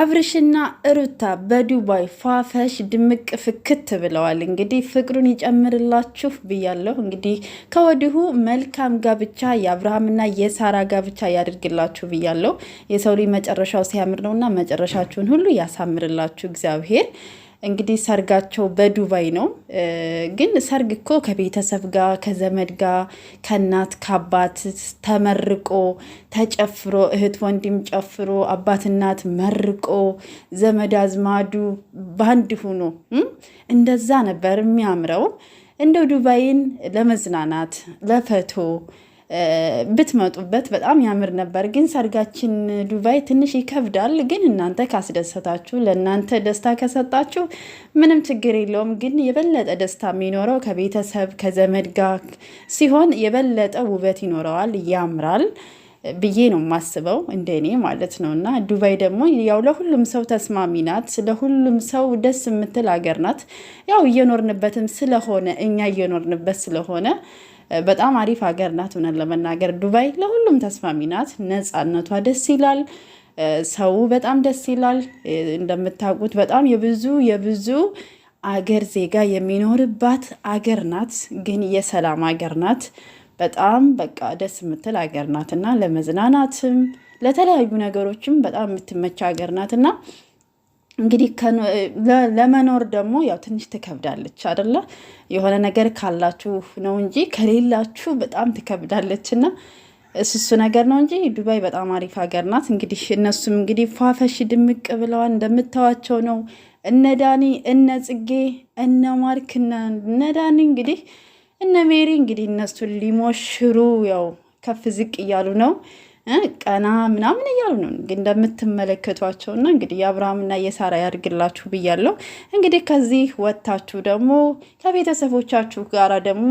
አብርሽና እሩታ በዱባይ ፏፈሽ ድምቅ ፍክት ብለዋል። እንግዲህ ፍቅሩን ይጨምርላችሁ ብያለሁ። እንግዲህ ከወዲሁ መልካም ጋብቻ የአብርሃምና የሳራ ጋብቻ ያድርግላችሁ ብያለሁ። የሰው ልጅ መጨረሻው ሲያምር ነውና መጨረሻችሁን ሁሉ ያሳምርላችሁ እግዚአብሔር እንግዲህ ሰርጋቸው በዱባይ ነው። ግን ሰርግ እኮ ከቤተሰብ ጋር ከዘመድ ጋር ከእናት ከአባት ተመርቆ ተጨፍሮ እህት ወንድም ጨፍሮ አባት እናት መርቆ ዘመድ አዝማዱ በአንድ ሁኖ እንደዛ ነበር የሚያምረው። እንደው ዱባይን ለመዝናናት ለፈቶ ብትመጡበት በጣም ያምር ነበር። ግን ሰርጋችን ዱባይ ትንሽ ይከብዳል። ግን እናንተ ካስደሰታችሁ፣ ለእናንተ ደስታ ከሰጣችሁ ምንም ችግር የለውም። ግን የበለጠ ደስታ የሚኖረው ከቤተሰብ ከዘመድ ጋር ሲሆን የበለጠ ውበት ይኖረዋል፣ ያምራል ብዬ ነው የማስበው፣ እንደኔ ማለት ነው። እና ዱባይ ደግሞ ያው ለሁሉም ሰው ተስማሚ ናት፣ ለሁሉም ሰው ደስ የምትል ሀገር ናት። ያው እየኖርንበትም ስለሆነ እኛ እየኖርንበት ስለሆነ በጣም አሪፍ ሀገር ናት። ሆነን ለመናገር ዱባይ ለሁሉም ተስማሚ ናት። ነፃነቷ ደስ ይላል። ሰው በጣም ደስ ይላል። እንደምታውቁት በጣም የብዙ የብዙ አገር ዜጋ የሚኖርባት አገር ናት፣ ግን የሰላም አገር ናት። በጣም በቃ ደስ የምትል አገር ናት እና ለመዝናናትም ለተለያዩ ነገሮችም በጣም የምትመቻ ሀገር ናት እና እንግዲህ ለመኖር ደግሞ ያው ትንሽ ትከብዳለች አደለ የሆነ ነገር ካላችሁ ነው እንጂ ከሌላችሁ በጣም ትከብዳለች እና እሱሱ ነገር ነው እንጂ ዱባይ በጣም አሪፍ ሀገር ናት። እንግዲህ እነሱም እንግዲህ ፏፈሽ ድምቅ ብለዋል። እንደምታዋቸው ነው እነ ዳኒ፣ እነ ጽጌ፣ እነ ማርክ፣ እነ ዳኒ እንግዲህ እነ ሜሪ እንግዲህ እነሱን ሊሞሽሩ ያው ከፍ ዝቅ እያሉ ነው። ቀና ምናምን እያሉ ነው እንደምትመለከቷቸው። እና እንግዲህ የአብርሃምና የሳራ ያድርግላችሁ ብያለሁ። እንግዲህ ከዚህ ወጥታችሁ ደግሞ ከቤተሰቦቻችሁ ጋራ ደግሞ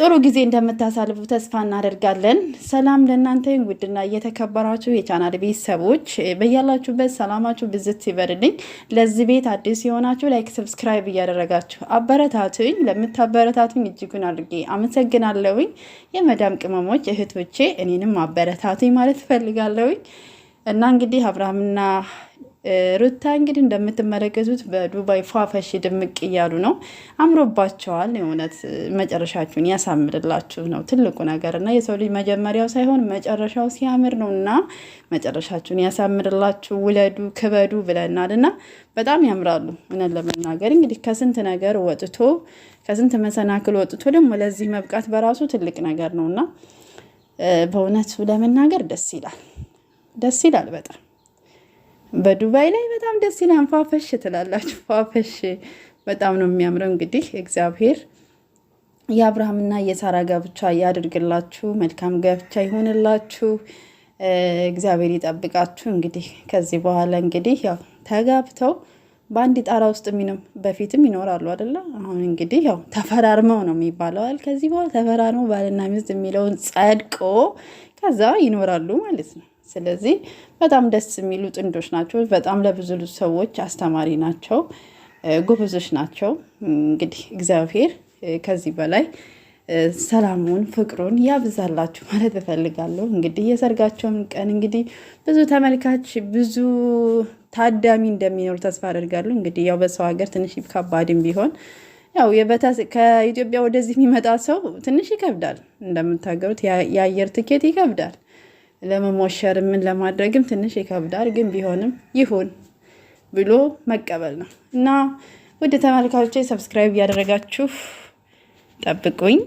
ጥሩ ጊዜ እንደምታሳልፉ ተስፋ እናደርጋለን። ሰላም ለእናንተ ውድና እየተከበራችሁ የቻናል ቤተሰቦች በያላችሁበት ሰላማችሁ ብዝት ይበርልኝ። ለዚህ ቤት አዲስ የሆናችሁ ላይክ፣ ሰብስክራይብ እያደረጋችሁ አበረታቱኝ። ለምታበረታቱኝ እጅጉን አድርጌ አመሰግናለሁኝ። የመዳም ቅመሞች እህቶቼ እኔንም አበረታቱኝ ማለት እፈልጋለሁኝ እና እንግዲህ አብርሃምና ሩታ እንግዲህ እንደምትመለከቱት በዱባይ ፏፈሽ ድምቅ እያሉ ነው። አምሮባቸዋል። የእውነት መጨረሻችሁን ያሳምርላችሁ ነው ትልቁ ነገር እና የሰው ልጅ መጀመሪያው ሳይሆን መጨረሻው ሲያምር ነው እና መጨረሻችሁን ያሳምርላችሁ፣ ውለዱ፣ ክበዱ ብለናል እና በጣም ያምራሉ። እውነት ለመናገር እንግዲህ ከስንት ነገር ወጥቶ ከስንት መሰናክል ወጥቶ ደግሞ ለዚህ መብቃት በራሱ ትልቅ ነገር ነው እና በእውነቱ ለመናገር ደስ ይላል፣ ደስ ይላል በጣም በዱባይ ላይ በጣም ደስ ይላል። ፏፈሽ ትላላችሁ። ፏፈሽ በጣም ነው የሚያምረው። እንግዲህ እግዚአብሔር የአብርሃምና የሳራ ጋብቻ ያድርግላችሁ። መልካም ጋብቻ ይሆንላችሁ። እግዚአብሔር ይጠብቃችሁ። እንግዲህ ከዚህ በኋላ እንግዲህ ያው ተጋብተው በአንድ ጣራ ውስጥ የሚንም በፊትም ይኖራሉ አይደለ? አሁን እንግዲህ ያው ተፈራርመው ነው የሚባለዋል። ከዚህ በኋላ ተፈራርመው ባልና ሚስት የሚለውን ጸድቆ ከዛ ይኖራሉ ማለት ነው። ስለዚህ በጣም ደስ የሚሉ ጥንዶች ናቸው። በጣም ለብዙ ሰዎች አስተማሪ ናቸው፣ ጎበዞች ናቸው። እንግዲህ እግዚአብሔር ከዚህ በላይ ሰላሙን ፍቅሩን ያብዛላችሁ ማለት እፈልጋለሁ። እንግዲህ የሰርጋቸውን ቀን እንግዲህ ብዙ ተመልካች ብዙ ታዳሚ እንደሚኖር ተስፋ አደርጋለሁ። እንግዲህ ያው በሰው ሀገር ትንሽ ከባድም ቢሆን ያው ከኢትዮጵያ ወደዚህ የሚመጣ ሰው ትንሽ ይከብዳል፣ እንደምታገሩት የአየር ትኬት ይከብዳል። ለመሞሸር ምን ለማድረግም ትንሽ ይከብዳል። ግን ቢሆንም ይሁን ብሎ መቀበል ነው እና ውድ ተመልካቾች ሰብስክራይብ እያደረጋችሁ ጠብቁኝ።